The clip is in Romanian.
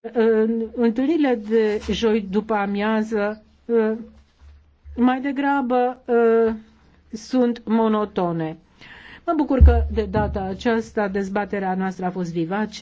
în întâlnirile de joi după amiază ă, mai degrabă ă, sunt monotone. Mă bucur că de data aceasta dezbaterea noastră a fost vivace.